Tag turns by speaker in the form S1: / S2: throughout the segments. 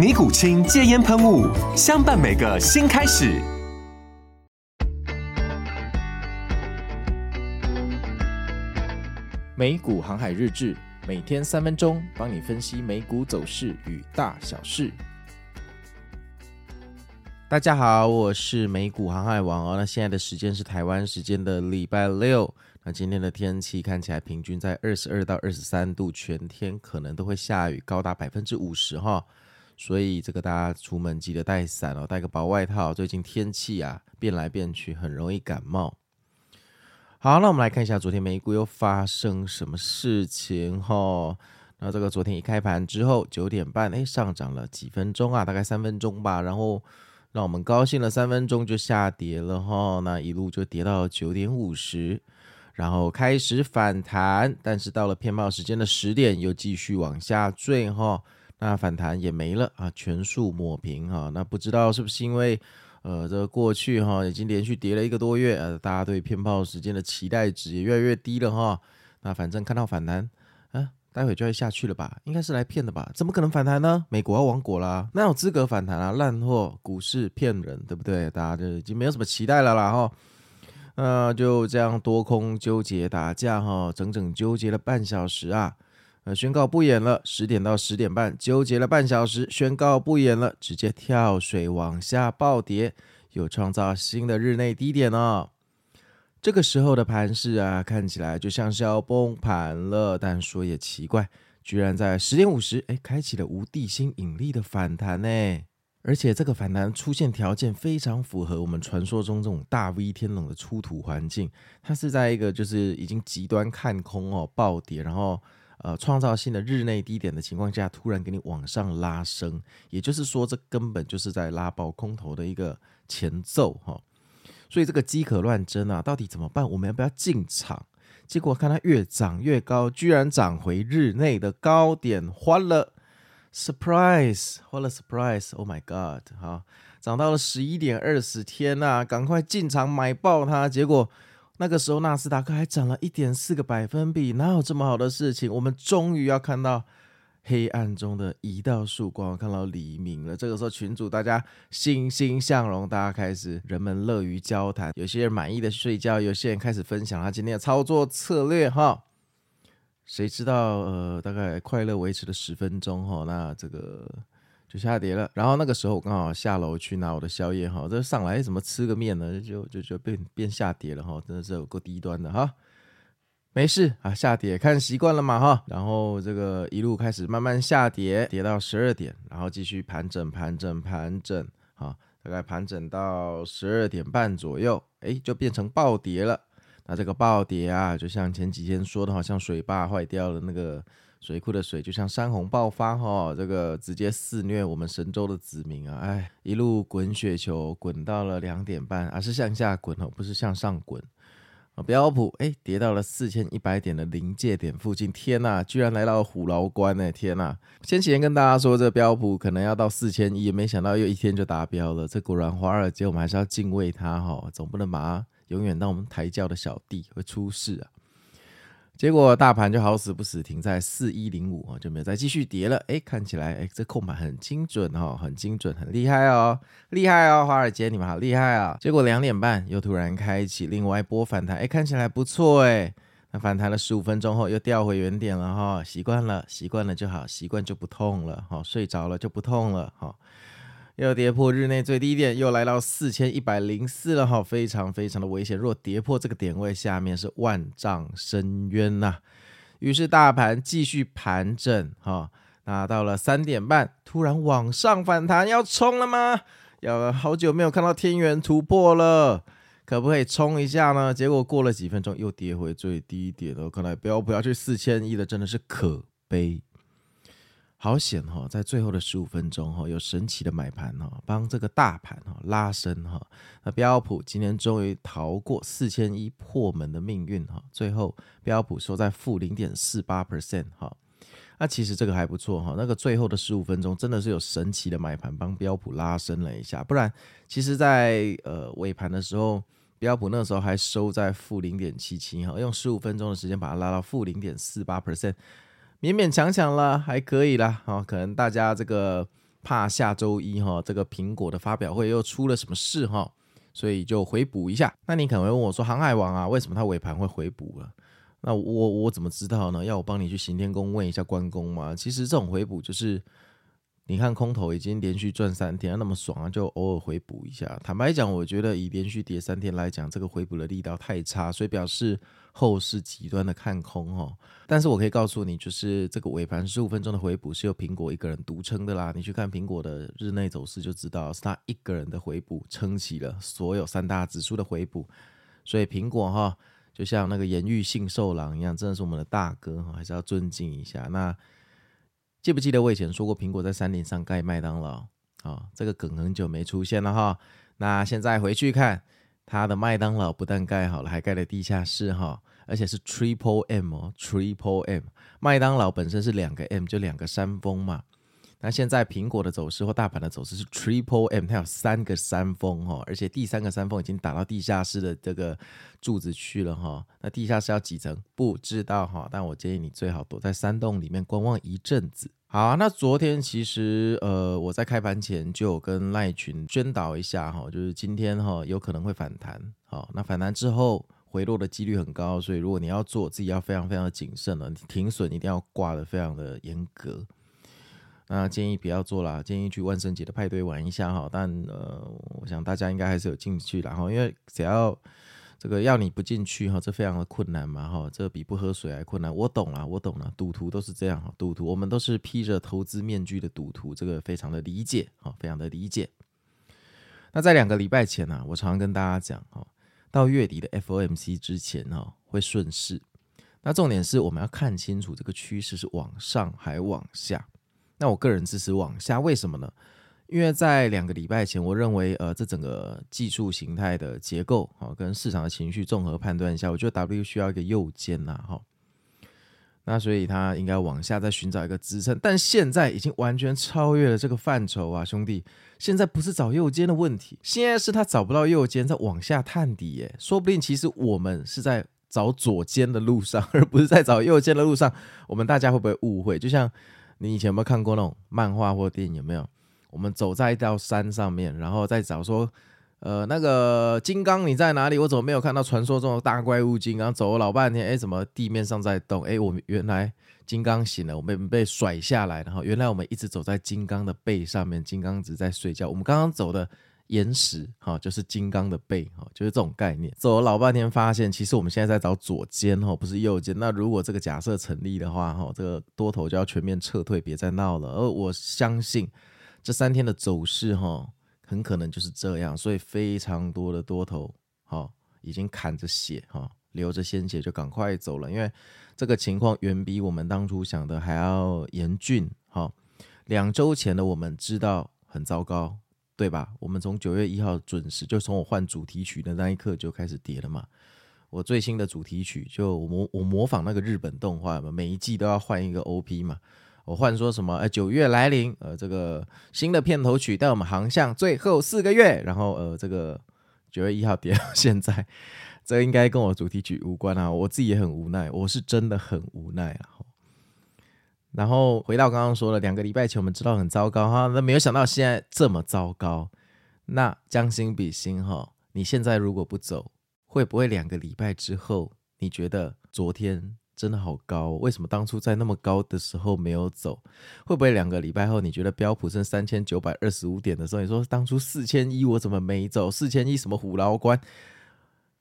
S1: 尼古清戒煙噴霧，相伴每個新開始。美股航海日誌，每天三分鐘，幫你分析美股走勢與大小事。大家好，我是美股航海王哦。那現在的時間是台灣時間的禮拜六。那今天的天氣看起來平均在二十二到二十三度，全天可能都會下雨，高達百分之五十哈。哦所以這個大家出門記得帶傘哦，帶個薄外套。最近天氣啊變來變去，很容易感冒。好，那我們來看一下昨天美股又發生什麼事情哈。那這個昨天一開盤之後，九點半哎、欸、上漲了幾分鐘啊，大概三分鐘吧。然後讓我們高興了三分鐘就下跌了哈。那一路就跌到九點五十，然後開始反彈，但是到了騙炮時間的十點又繼續往下墜哈。那反彈也沒了啊，全數抹平哈、啊，那不知道是不是因為，呃，這個、過去哈、啊、已經連續跌了一個多月，啊、大家對騙炮時間的期待值也越來越低了哈、啊。那反正看到反彈，啊，待會就要下去了吧？應該是來騙的吧？怎麼可能反彈呢？美國要亡國了、啊，哪有資格反彈啊？爛貨，股市騙人，對不對？大家就已經沒有什麼期待了啦哈。呃、啊，就這樣多空糾結打架哈，整整糾結了半小時啊。宣告不演了，十點到十點半糾結了半小時，宣告不演了，直接跳水往下暴跌，又創造新的日內低點哦，這個時候的盤勢啊，看起來就像是要崩盤了。但說也奇怪，居然在十點五十，哎，開啟了無地心引力的反彈呢、欸。而且這個反彈出現條件非常符合我們傳說中這種大 V 天龍的出土環境，它是在一個就是已經極端看空哦，暴跌，然後。呃，創造性的日內低點的情況下，突然給你往上拉升，也就是說，這根本就是在拉爆空頭的一個前奏哈、哦。所以這個幾可亂真啊，到底怎麼辦？我們要不要進場？結果看它越漲越高，居然漲回日內的高點，歡樂，surprise，歡樂，surprise，oh my god，哈、啊，漲到了十一點二十，天吶、啊，趕快進場買爆它，結果。那個時候納斯達克還漲了一點四個百分比，哪有這麼好的事情？我們終於要看到黑暗中的一道曙光，看到黎明了。這個時候群組，大家欣欣向榮，大家開始人們樂於交談，有些人滿意的睡覺，有些人開始分享他今天的操作策略哈。誰知道呃，大概快樂維持了十分鐘哈，那這個。就下跌了，然後那個時候我剛好下樓去拿我的宵夜哈，這上來怎麼吃個麵呢？就就就變變下跌了哈，真的是有夠低端的哈。沒事啊，下跌看習慣了嘛哈。然後這個一路開始慢慢下跌，跌到十二點，然後繼續盤整盤整盤整哈，大概盤整到十二點半左右，誒，就變成暴跌了。那這個暴跌啊，就像前幾天說的，好像水壩壞掉了那個。水庫的水就像山洪爆發哈、哦，這個直接肆虐我們神州的子民啊！哎，一路滾雪球滾到了兩點半，而、啊、是向下滾不是向上滾、啊。標普哎、欸、跌到了四千一百點的臨界點附近，天吶、啊，居然來到了虎牢關哎、欸，天吶、啊，先前跟大家說這標普可能要到四千一，也沒想到又一天就達標了。這果然華爾街我們還是要敬畏它哈、哦，總不能把它永遠當我們抬轎的小弟會出事啊。結果大盤就好死不死停在四一零五啊，就沒有再繼續跌了。哎，看起來哎，這控盤很精準哈，很精準，很厲害哦，厲害哦，華爾街你們好厲害啊、哦！結果兩點半又突然開啟另外一波反彈，哎，看起來不錯哎。那反彈了十五分鐘後又掉回原點了哈，習慣了，習慣了就好，習慣就不痛了哈，睡着了就不痛了哈。又跌破日內最低點，又來到四千一百零四了哈，非常非常的危險。如果跌破這個點位，下面是萬丈深淵吶、啊。於是大盤繼續盤整哈，那、啊、到了三點半，突然往上反彈，要衝了嗎？要好久沒有看到天元突破了，可不可以衝一下呢？結果過了幾分鐘，又跌回最低點了。看來標普要去四千一了，真的是可悲。好險哦，在最後的十五分鐘哈，有神奇的買盤哈，幫這個大盤哈拉升哈。那標普今天終於逃過四千一破門的命運哈，最後標普收在負零點四八 percent 哈。那、啊、其實這個還不錯哈，那個最後的十五分鐘真的是有神奇的買盤幫標普拉升了一下，不然其實在，在呃尾盤的時候，標普那時候還收在負零點七七哈，77, 用十五分鐘的時間把它拉到負零點四八 percent。勉勉強強了，還可以啦。啊、哦！可能大家這個怕下周一哈、哦，這個蘋果的發表會又出了什麼事哈、哦，所以就回補一下。那你可能會問我說：“航海王啊，為什麼他尾盤會回補了、啊？”那我我，我怎麼知道呢？要我幫你去行天宮問一下關公嗎？其實這種回補就是。你看空頭已經連續賺三天那麼爽啊，就偶爾回補一下。坦白講，我覺得以連續跌三天來講，這個回補的力道太差，所以表示後市極端的看空哈、哦，但是我可以告訴你，就是這個尾盤十五分鐘的回補是由蘋果一個人獨撐的啦。你去看蘋果的日內走勢就知道，是他一個人的回補撐起了所有三大指數的回補。所以蘋果哈、哦，就像那個煉獄杏壽郎一樣，真的是我們的大哥，還是要尊敬一下。那。記不記得我以前說過蘋果在山頂上蓋麥當勞？啊、哦，這個梗很久沒出現了哈。那現在回去看，他的麥當勞不但蓋好了，還蓋了地下室哈，而且是 triple m、哦、triple m。麥當勞本身是兩個 m，就兩個山峰嘛。那現在蘋果的走勢或大盤的走勢是 Triple M，它有三個山峰哈，而且第三個山峰已經打到地下室的這個柱子去了哈。那地下室要幾層不知道哈，但我建議你最好躲在山洞裡面觀望一陣子。好，那昨天其實呃我在開盤前就有跟賴群宣導一下哈，就是今天哈有可能會反彈，那反彈之後回落的幾率很高，所以如果你要做，自己要非常非常的謹慎了，你停損一定要掛得非常的嚴格。那建議不要做啦，建議去萬聖節的派對玩一下哈。但呃，我想大家應該還是有進去的哈，因為只要這個要你不進去哈，這非常的困難嘛哈，這比不喝水還困難。我懂啦，我懂啦，賭徒都是這樣哈，賭徒我們都是披着投資面具的賭徒，這個非常的理解哈，非常的理解。那在兩個禮拜前呢、啊，我常常跟大家講哈，到月底的 FOMC 之前哈，會順勢。那重點是我們要看清楚這個趨勢是往上還往下。那我個人支持往下，為什麼呢？因為在兩個禮拜前，我認為呃，這整個技術形態的結構啊、哦，跟市場的情緒綜合判斷一下，我覺得 W 需要一個右肩吶、啊，哈、哦。那所以他應該往下再尋找一個支撐，但現在已經完全超越了這個範疇啊，兄弟！現在不是找右肩的問題，現在是他找不到右肩，再往下探底耶。說不定其實我們是在找左肩的路上，而不是在找右肩的路上。我們大家會不會誤會？就像。你以前有沒有看過那種漫畫或電影？有沒有？我們走在一道山上面，然後再找說，呃，那個金剛你在哪裡？我怎麼沒有看到傳說中的大怪物金剛？走了老半天，哎、欸，怎麼地面上在動？哎、欸，我們原來金剛醒了，我們被甩下來，然後原來我們一直走在金剛的背上面，金剛一直在睡覺。我們剛剛走的。岩石哈，就是金剛的背哈，就是這種概念，走了老半天，發現其實我們現在在找左肩哈，不是右肩。那如果這個假設成立的話哈，這個多頭就要全面撤退，別再鬧了。而我相信這三天的走勢哈，很可能就是這樣，所以非常多的多頭哈已經砍着血哈流着鮮血就趕快走了，因為這個情況遠比我們當初想的還要嚴峻哈。兩周前的我們知道很糟糕。對吧？我們從九月一號準時，就從我換主題曲的那一刻就開始跌了嘛。我最新的主題曲就我模我模仿那個日本動畫嘛，每一季都要換一個 OP 嘛。我換說什麼？呃，九月來臨，呃，這個新的片頭曲帶我們航向最後四個月。然後呃，這個九月一號跌到現在，這應該跟我主題曲無關啊。我自己也很無奈，我是真的很無奈啊。然後回到剛剛說的，兩個禮拜前我們知道很糟糕哈，那沒有想到現在這麼糟糕。那將心比心哈，你現在如果不走，會不會兩個禮拜之後，你覺得昨天真的好高？為什麼當初在那麼高的時候沒有走？會不會兩個禮拜後，你覺得標普剩三千九百二十五點的時候，你說當初四千一我怎麼沒走？四千一什麼虎牢關？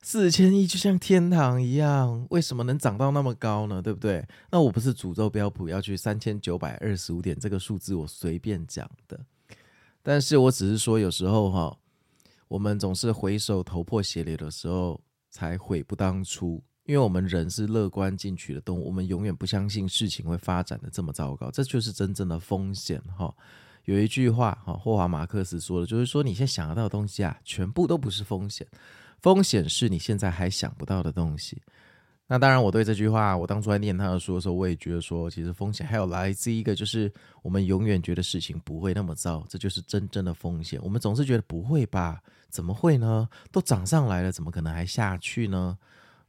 S1: 四千億就像天堂一樣，為什麼能漲到那麼高呢？對不對？那我不是詛咒標普要去三千九百二十五點這個數字，我隨便講的。但是我只是說，有時候哈，我們總是回首頭破血流的時候才悔不當初，因為我們人是樂觀進取的動物，我們永遠不相信事情會發展的這麼糟糕，這就是真正的風險哈。有一句話哈，霍華·馬克思說的，就是說你現在想得到的東西啊，全部都不是風險。風險是你現在還想不到的東西。那當然，我對這句話，我當初在念他的書的時候，我也覺得說，其實風險還有來自一個，就是我們永遠覺得事情不會那麼糟，這就是真正的風險。我們總是覺得不會吧？怎麼會呢？都漲上來了，怎麼可能還下去呢？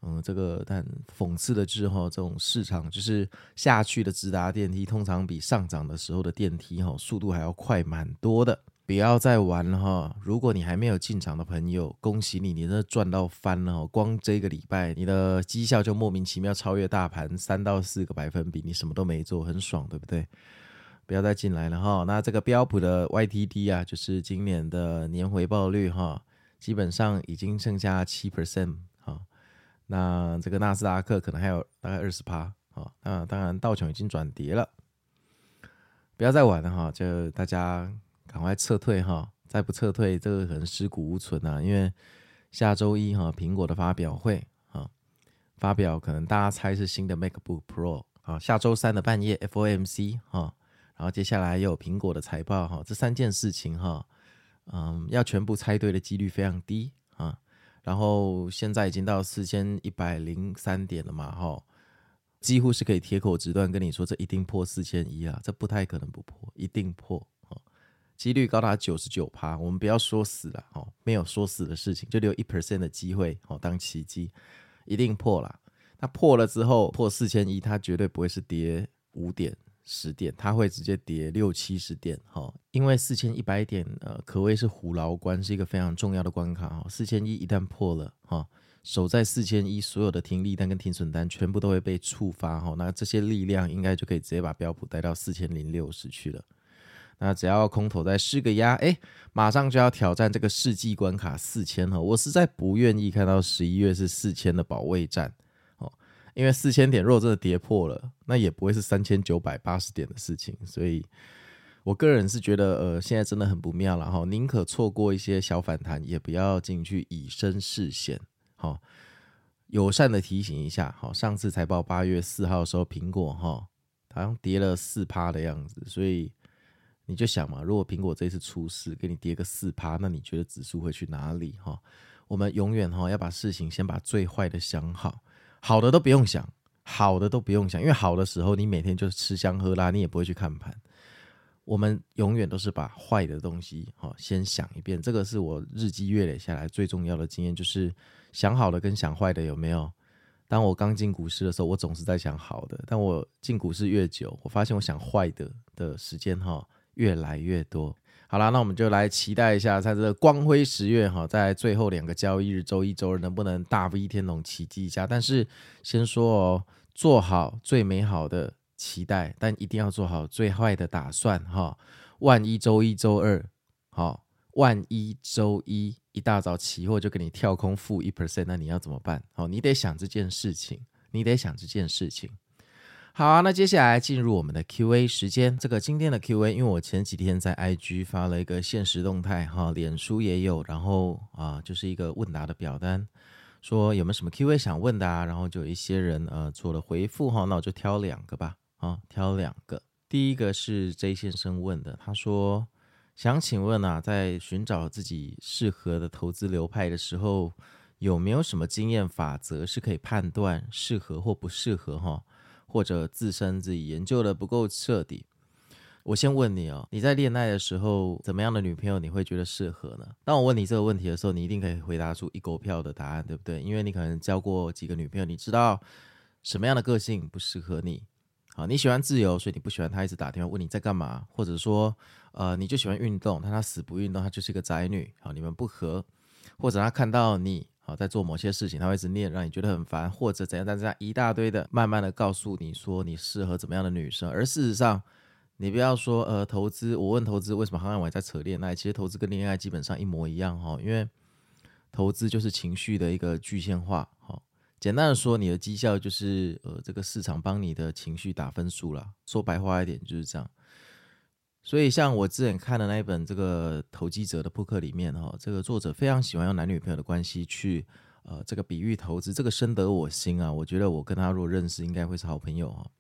S1: 嗯，這個但諷刺的就是哈，這種市場就是下去的直達電梯，通常比上漲的時候的電梯哈速度還要快蠻多的。不要再玩了哈！如果你還沒有進場的朋友，恭喜你，你真的賺到翻了哈。光這個禮拜，你的績效就莫名其妙超越大盤三到四個百分比，你什麼都沒做，很爽，對不對？不要再進來了哈！那這個標普的 YTD 啊，就是今年的年回報率哈，基本上已經剩下七 percent 哈，那這個納斯達克可能還有大概二十趴啊。那當然，道瓊已經轉跌了。不要再玩了哈！就大家。趕快撤退哈！再不撤退，這個可能屍骨無存啊！因為下周一哈，蘋果的發表會哈，發表可能大家猜是新的 MacBook Pro 啊。下周三的半夜 FOMC 哈，然後接下來又有蘋果的財報哈，這三件事情哈，嗯，要全部猜對的幾率非常低啊。然後現在已經到四千一百零三點了嘛哈，幾乎是可以鐵口直斷跟你說，這一定破四千一啊，這不太可能不破，一定破。幾率高達九十九趴，我們不要說死了哦，沒有說死的事情，就得有一 percent 的機會哦，當奇蹟一定破了。那破了之後，破四千一，它絕對不會是跌五點、十點，它會直接跌六七十點哦，因為四千一百點呃可謂是虎牢關，是一個非常重要的關卡哦。四千一一旦破了哈、哦，守在四千一所有的停利單跟停損單全部都會被觸發哈、哦，那這些力量應該就可以直接把標普帶到四千零六十去了。那只要空頭再試個壓，哎，馬上就要挑戰這個世紀關卡四千了。我實在不願意看到十一月是四千的保衛戰，哦，因為四千點如果真的跌破了，那也不會是三千九百八十點的事情。所以，我個人是覺得，呃，現在真的很不妙了哈。寧可錯過一些小反彈，也不要進去以身試險。好、哦，友善的提醒一下，好，上次財報八月四號的時候，蘋果哈好像跌了四趴的樣子，所以。你就想嘛，如果蘋果這次出事，給你跌個四趴，那你覺得指數會去哪裡？哈、哦，我們永遠哈、哦、要把事情先把最壞的想好，好的都不用想，好的都不用想，因為好的時候你每天就是吃香喝辣，你也不會去看盤。我們永遠都是把壞的東西哈、哦、先想一遍，這個是我日積月累下來最重要的經驗，就是想好的跟想壞的有沒有？當我剛進股市的時候，我總是在想好的，但我進股市越久，我發現我想壞的的時間哈。哦越來越多，好啦，那我們就來期待一下，在這光輝十月哈、哦，在最後兩個交易日，周一、周二能不能大 V 天龍奇蹟一下，但是先說哦，做好最美好的期待，但一定要做好最壞的打算哈、哦哦。萬一周一、周二好，萬一周一一大早期貨就給你跳空負一 percent，那你要怎麼辦？好、哦，你得想這件事情，你得想這件事情。好啊，那接下來進入我們的 Q A 時間。這個今天的 Q A，因為我前幾天在 I G 發了一個限時動態哈，臉書也有，然後啊、呃，就是一個問答的表單，說有沒有什麼 Q A 想問的啊，然後就有一些人呃做了回復哈，那我就挑兩個吧啊，挑兩個。第一個是 J 先生問的，他說想請問啊，在尋找自己適合的投資流派的時候，有沒有什麼經驗法則是可以判斷適合或不適合哈？或者自身自己研究的不夠徹底，我先問你哦，你在戀愛的時候，怎麼樣的女朋友你會覺得適合呢？當我問你這個問題的時候，你一定可以回答出一狗票的答案，對不對？因為你可能交過幾個女朋友，你知道什麼樣的個性不適合你。好，你喜歡自由，所以你不喜歡她一直打電話問你在幹嘛，或者說，呃，你就喜歡運動，但她死不運動，她就是一個宅女，好，你們不合，或者她看到你。在做某些事情，他會一直念，讓你覺得很煩，或者怎樣？但這樣一大堆的，慢慢的告訴你說你適合怎麼樣的女生。而事實上，你不要說，呃，投資，我問投資為什麼好像我還在扯戀愛？其實投資跟戀愛基本上一模一樣哈、哦，因為投資就是情緒的一個具現化。好、哦，簡單的說，你的績效就是呃，這個市場幫你的情緒打分數啦，說白話一點就是這樣。所以，像我之前看的那一本《這個投機者的撲克》裡面、哦，哈，這個作者非常喜歡用男女朋友的關係去，呃，這個比喻投資，這個深得我心啊！我覺得我跟他如果認識，應該會是好朋友哦。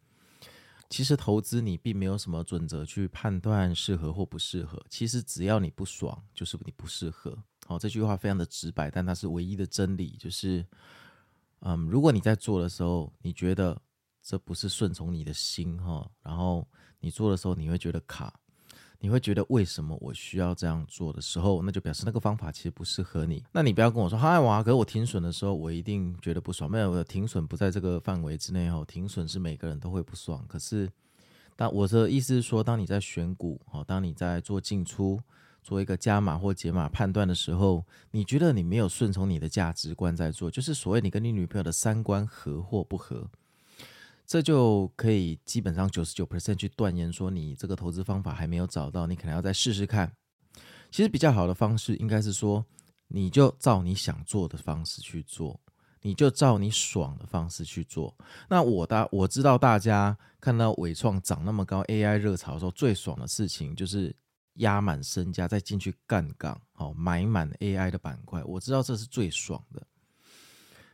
S1: 其實投資你並沒有什麼準則去判斷適合或不適合，其實只要你不爽，就是你不適合。好、哦，這句話非常的直白，但它是唯一的真理，就是，嗯，如果你在做的時候，你覺得這不是順從你的心，哈、哦，然後你做的時候你會覺得卡。你會覺得為什麼我需要這樣做的時候，那就表示那個方法其實不適合你。那你不要跟我說哈，我哥，可我停損的時候我一定覺得不爽。沒有，我停損不在這個範圍之內哦。停損是每個人都會不爽。可是，當我的意思是說，當你在選股哦，當你在做進出、做一個加碼或解碼判斷的時候，你覺得你沒有順從你的價值觀在做，就是所謂你跟你女朋友的三觀合或不合。這就可以基本上九十九 percent 去斷言說，你這個投資方法還沒有找到，你可能要再試試看。其實比較好的方式應該是說，你就照你想做的方式去做，你就照你爽的方式去做。那我大，我知道大家看到偉創漲那麼高，AI 熱潮的時候最爽的事情就是壓滿身家再進去干槓，好買滿 AI 的板塊，我知道這是最爽的。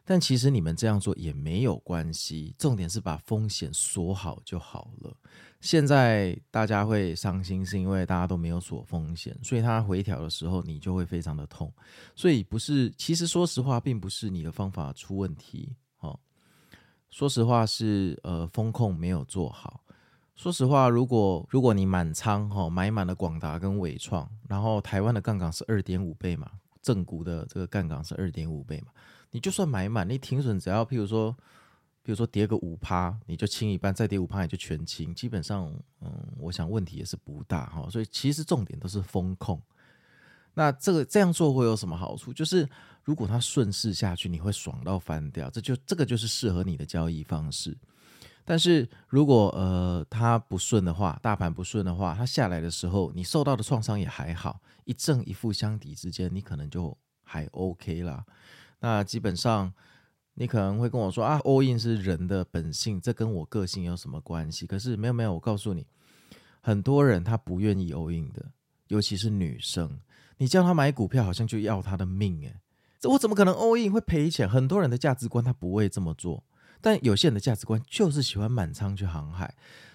S1: 但其實你們這樣做也沒有關係，重點是把風險鎖好就好了。現在大家會傷心，是因為大家都沒有鎖風險，所以它回調的時候你就會非常的痛。所以不是，其實說實話，並不是你的方法出問題哦。說實話是呃風控沒有做好。說實話，如果如果你滿倉哈、哦，買滿了廣達跟緯創，然後台灣的槓桿是二點五倍嘛，正股的這個槓桿是二點五倍嘛。你就算買滿，你停損只要譬如說，比如說跌個五趴，你就清一半；再跌五趴，你就全清。基本上，嗯，我想問題也是不大哈。所以其實重點都是風控。那這個這樣做會有什麼好處？就是如果它順勢下去，你會爽到翻掉，這就這個就是適合你的交易方式。但是如果呃它不順的話，大盤不順的話，它下來的時候你受到的創傷也還好，一正一負相抵之間，你可能就還 OK 啦。那基本上，你可能會跟我說啊，all in 是人的本性，這跟我個性有什麼關係？可是沒有沒有，我告訴你，很多人他不願意 all in 的，尤其是女生，你叫她買股票好像就要她的命哎，這我怎麼可能 all in 會賠錢？很多人的價值觀他不會這麼做，但有些人的價值觀就是喜歡滿倉去航海，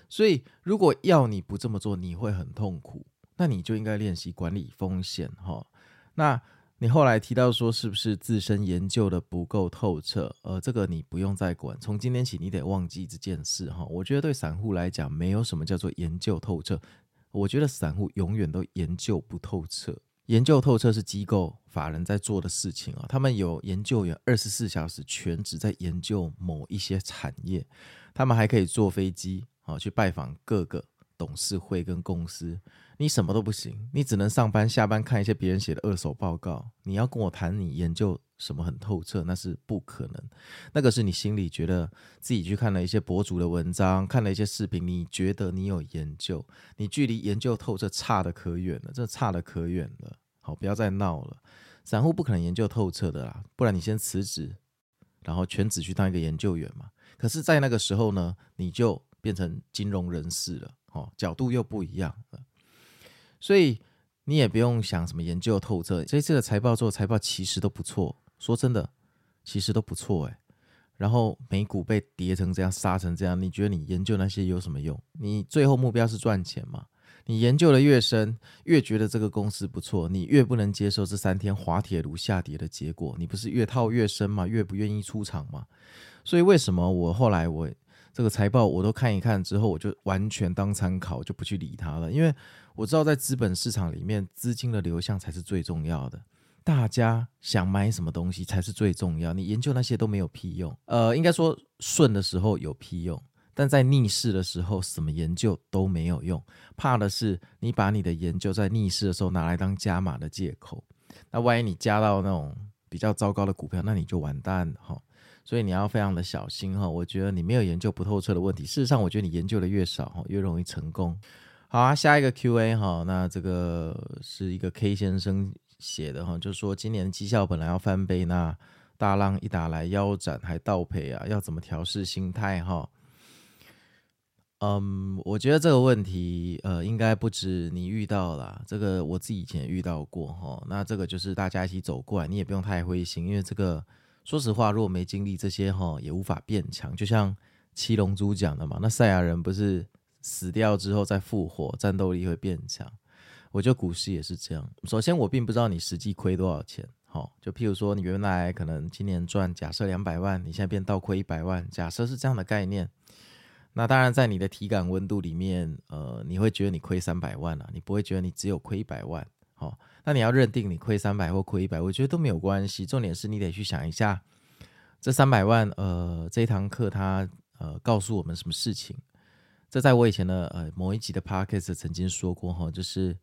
S1: 所以如果要你不這麼做，你會很痛苦，那你就應該練習管理風險哈。那。你後來提到說，是不是自身研究的不夠透徹？呃，這個你不用再管，從今天起你得忘記這件事哈。我覺得對散戶來講，沒有什麼叫做研究透徹，我覺得散戶永遠都研究不透徹。研究透徹是機構、法人在做的事情啊，他們有研究員二十四小時全職在研究某一些產業，他們還可以坐飛機啊去拜訪各個董事會跟公司。你什麼都不行，你只能上班下班看一些別人寫的二手報告。你要跟我談你研究什麼很透徹，那是不可能。那個是你心裡覺得自己去看了一些博主的文章，看了一些視頻，你覺得你有研究，你距離研究透徹差得可遠了，真的差得可遠了。好，不要再鬧了，散戶不可能研究透徹的啦，不然你先辭職，然後全職去當一個研究員嘛。可是，在那個時候呢，你就變成金融人士了，哦，角度又不一樣。所以你也不用想什麼研究透徹，這一次的財報做的財報其實都不錯，說真的，其實都不錯哎。然後美股被跌成這樣，殺成這樣，你覺得你研究那些有什麼用？你最後目標是賺錢嘛？你研究的越深，越覺得這個公司不錯，你越不能接受這三天滑鐵盧下跌的結果，你不是越套越深嘛，越不願意出場嘛。所以為什麼我後來我這個財報我都看一看之後，我就完全當參考，就不去理它了，因為。我知道在資本市場裡面，資金的流向才是最重要的。大家想買什麼東西才是最重要的。你研究那些都沒有屁用。呃，應該說順的時候有屁用，但在逆勢的時候，什麼研究都沒有用。怕的是你把你的研究在逆勢的時候拿來當加碼的借口。那萬一你加到那種比較糟糕的股票，那你就完蛋了哈。所以你要非常的小心哈。我覺得你沒有研究不透徹的問題。事實上，我覺得你研究的越少，越容易成功。好啊，下一個 QA 哈，那這個是一個 K 先生寫的哈，就是說今年的績效本來要翻倍，那大浪一打來腰斬還倒賠啊，要怎麼調試心態哈？嗯，我覺得這個問題呃，應該不止你遇到了，這個我自己以前也遇到過哈。那這個就是大家一起走過來，你也不用太灰心，因為這個說實話，如果沒經歷這些哈，也無法變強。就像七龍珠講的嘛，那賽亞人不是？死掉之後再復活，戰鬥力會變強。我覺得股市也是這樣。首先，我並不知道你實際虧多少錢。好，就譬如說，你原來可能今年賺，假設兩百萬，你現在變倒虧一百萬，假設是這樣的概念。那當然，在你的體感溫度裡面，呃，你會覺得你虧三百萬了啊，你不會覺得你只有虧一百萬。好，那你要認定你虧三百或虧一百，我覺得都沒有關係。重點是你得去想一下，這三百萬，呃，這堂課它，呃，告訴我們什麼事情。這在我以前的呃某一集的 podcast 曾經說過哈、哦，就是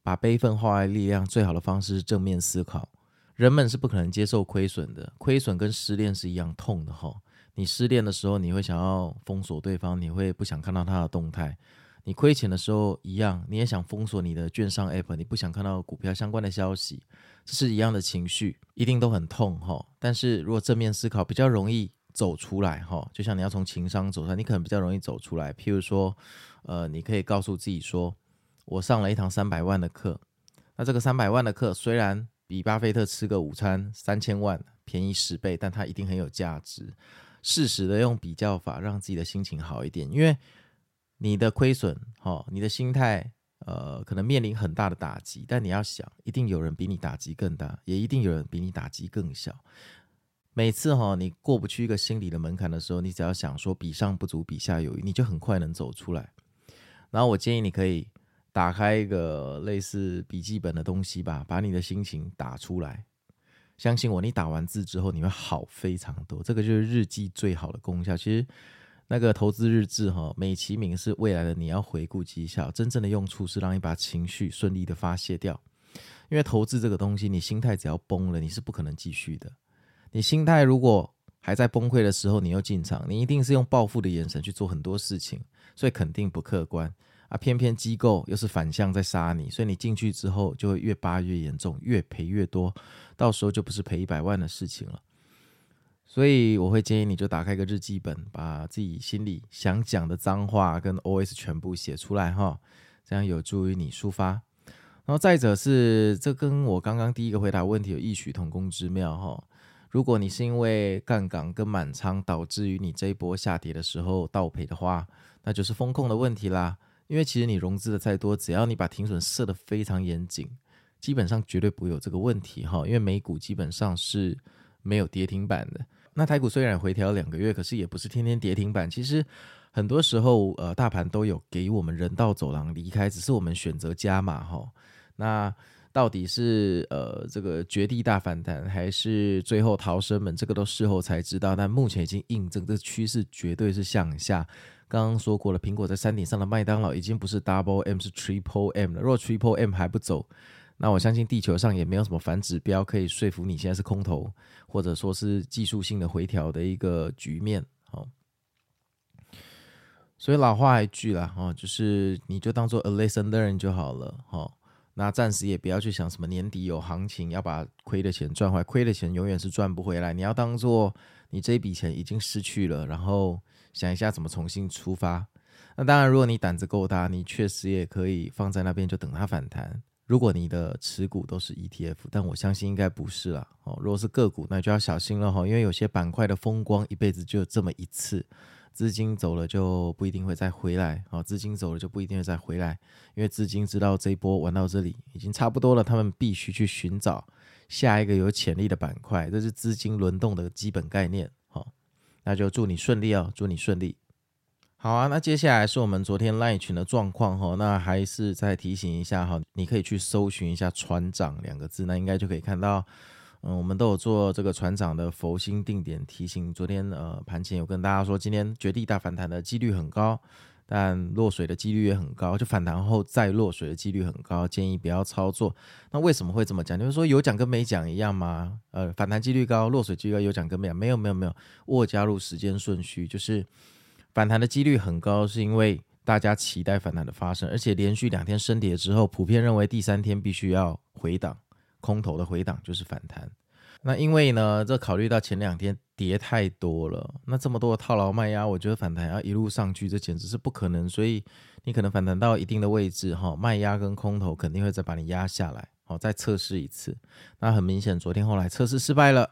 S1: 把悲憤化為力量最好的方式是正面思考。人們是不可能接受虧損的，虧損跟失戀是一樣痛的哈、哦。你失戀的時候，你會想要封鎖對方，你會不想看到他的動態；你虧錢的時候一樣，你也想封鎖你的券商 app，你不想看到股票相關的消息，這是一樣的情緒，一定都很痛哈、哦。但是如果正面思考比較容易。走出來哈，就像你要從情商走出來，你可能比較容易走出來。譬如說，呃，你可以告訴自己說，我上了一堂三百萬的課，那這個三百萬的課雖然比巴菲特吃個午餐三千萬便宜十倍，但它一定很有價值。適時的用比較法讓自己的心情好一點，因為你的虧損哈，呃，你的心態呃可能面臨很大的打擊，但你要想，一定有人比你打擊更大，也一定有人比你打擊更小。每次哈，你過不去一個心理的門檻的時候，你只要想說“比上不足，比下有餘”，你就很快能走出來。然後我建議你可以打開一個類似筆記本的東西吧，把你的心情打出來。相信我，你打完字之後，你會好非常多。這個就是日記最好的功效。其實那個投資日誌哈，美其名是未來的你要回顧績效，真正的用處是讓你把情緒順利的發洩掉。因為投資這個東西，你心態只要崩了，你是不可能繼續的。你心態如果還在崩潰的時候，你又進場，你一定是用報復的眼神去做很多事情，所以肯定不客觀啊。偏偏機構又是反向在殺你，所以你進去之後就會越扒越嚴重，越賠越多，到時候就不是賠一百萬的事情了。所以我會建議你就打開個日記本，把自己心裡想講的髒話跟 OS 全部寫出來哈，這樣有助於你抒發。然後再者是，這跟我剛剛第一個回答問題有異曲同工之妙哈。如果你是因為槓桿跟滿倉導致於你這一波下跌的時候倒賠的話，那就是風控的問題啦。因為其實你融資的再多，只要你把停損設得非常嚴謹，基本上絕對不會有這個問題哈。因為美股基本上是沒有跌停板的。那台股雖然回調了兩個月，可是也不是天天跌停板。其實很多時候，呃，大盤都有給我們人道走廊離開，只是我們選擇加碼哈。那。到底是呃這個絕地大反彈，還是最後逃生門？這個都事後才知道，但目前已經印證，這個趨勢絕對是向下。剛剛說過了，蘋果在山頂上的麥當勞已經不是 Double M，是 Triple M 了。若 Triple M 還不走，那我相信地球上也沒有什麼反指標可以說服你現在是空頭，或者說是技術性的回調的一個局面。哦，所以老話一句啦，哈、哦，就是你就當做 a lesson learned 就好了，哈、哦。那暫時也不要去想什麼年底有行情，要把虧的錢賺回來，虧的錢永遠是賺不回來。你要當做你這一筆錢已經失去了，然後想一下怎麼重新出發。那當然，如果你膽子夠大，你確實也可以放在那邊就等它反彈。如果你的持股都是 ETF，但我相信應該不是啦。哦，如果是個股，那就要小心了哈，哦，因為有些板塊的風光一輩子就這麼一次。資金走了就不一定會再回來，哈，資金走了就不一定會再回來，因為資金知道這一波玩到這裡已經差不多了，他們必須去尋找下一個有潛力的板塊，這是資金輪動的基本概念，那就祝你順利哦，祝你順利，好啊，那接下來是我們昨天 Line 群的狀況，哈，那還是再提醒一下，哈，你可以去搜尋一下“船長”兩個字，那應該就可以看到。嗯，我們都有做這個船長的佛心定點提醒。昨天呃盤前有跟大家說，今天絕地大反彈的幾率很高，但落水的幾率也很高，就反彈後再落水的幾率很高，建議不要操作。那為什麼會這麼講？就是說有講跟沒講一樣嗎？呃，反彈幾率高，落水幾率高，有講跟沒講？沒有沒有沒有，我有加入時間順序，就是反彈的幾率很高，是因為大家期待反彈的發生，而且連續兩天升跌之後，普遍認為第三天必須要回檔。空頭的回檔就是反彈，那因為呢，這考慮到前兩天跌太多了，那這麼多的套牢賣壓，我覺得反彈要一路上去，這簡直是不可能。所以你可能反彈到一定的位置哈，賣壓跟空頭肯定會再把你壓下來，好，再測試一次。那很明顯，昨天後來測試失敗了，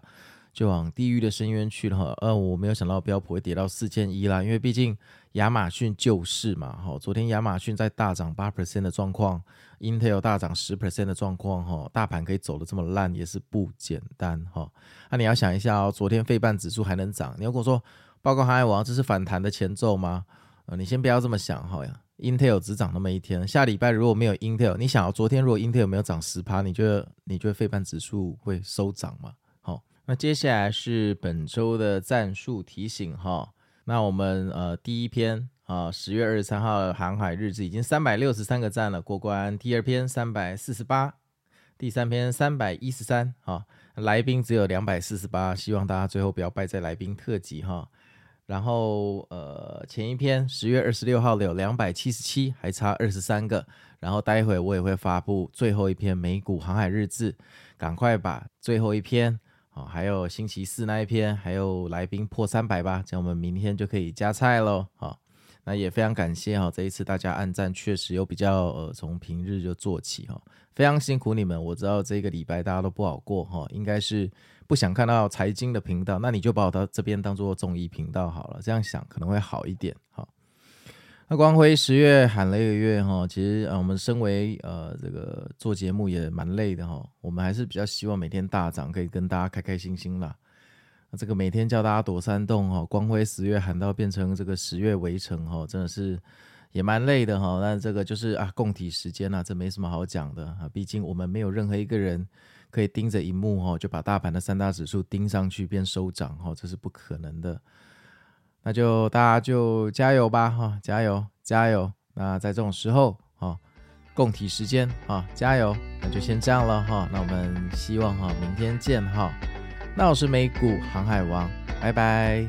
S1: 就往地獄的深淵去了。呃，我沒有想到標普會跌到四千一啦，因為畢竟亞馬遜就是嘛，好，昨天亞馬遜在大漲八%的狀況。Intel 大漲十 percent 的狀況，哈，大盤可以走得這麼爛也是不簡單，哈。那你要想一下哦，昨天費半指數還能漲，你如果說報告，航海王，這是反彈的前奏嗎？呃，你先不要這麼想，哈呀，Intel 只漲那麼一天，下禮拜如果沒有 Intel，你想，要昨天如果 Intel 沒有漲十趴，你覺得你覺得費半指數會收漲嗎？好，那接下來是本周的戰術提醒，哈，那我們呃第一篇。啊，十、哦、月二十三號航海日志已經三百六十三個讚了，過關。第二篇三百四十八，第三篇三百一十三。啊，來賓只有兩百四十八，希望大家最後不要敗在來賓特輯哈、哦。然後呃，前一篇十月二十六號的有兩百七十七，還差二十三個。然後待會我也會發布最後一篇美股航海日志，趕快把最後一篇、哦，還有星期四那一篇，還有來賓破三百吧，這樣我們明天就可以加菜嘍。好、哦。那也非常感謝哈，這一次大家按讚確實有比較呃，從平日就做起哈，非常辛苦你們。我知道這個禮拜大家都不好過哈，應該是不想看到財經的頻道，那你就把我的這邊當做綜藝頻道好了，這樣想可能會好一點哈。那光輝十月喊了一個月哈，其實啊，我們身為呃這個做節目也蠻累的哈，我們還是比較希望每天大漲，可以跟大家開開心心啦。那這個每天叫大家躲山洞哈，光輝十月喊到變成這個十月圍城哈，真的是也蠻累的哈。但這個就是啊，共體時艱啊，這沒什麼好講的啊。畢竟我們沒有任何一個人可以盯着螢幕哈，就把大盤的三大指數盯上去變收漲哈，這是不可能的。那就大家就加油吧哈，加油加油。那在這種時候啊，共體時艱啊，加油。那就先這樣了哈，那我們希望哈，明天見哈。那我是美股航海王，拜拜。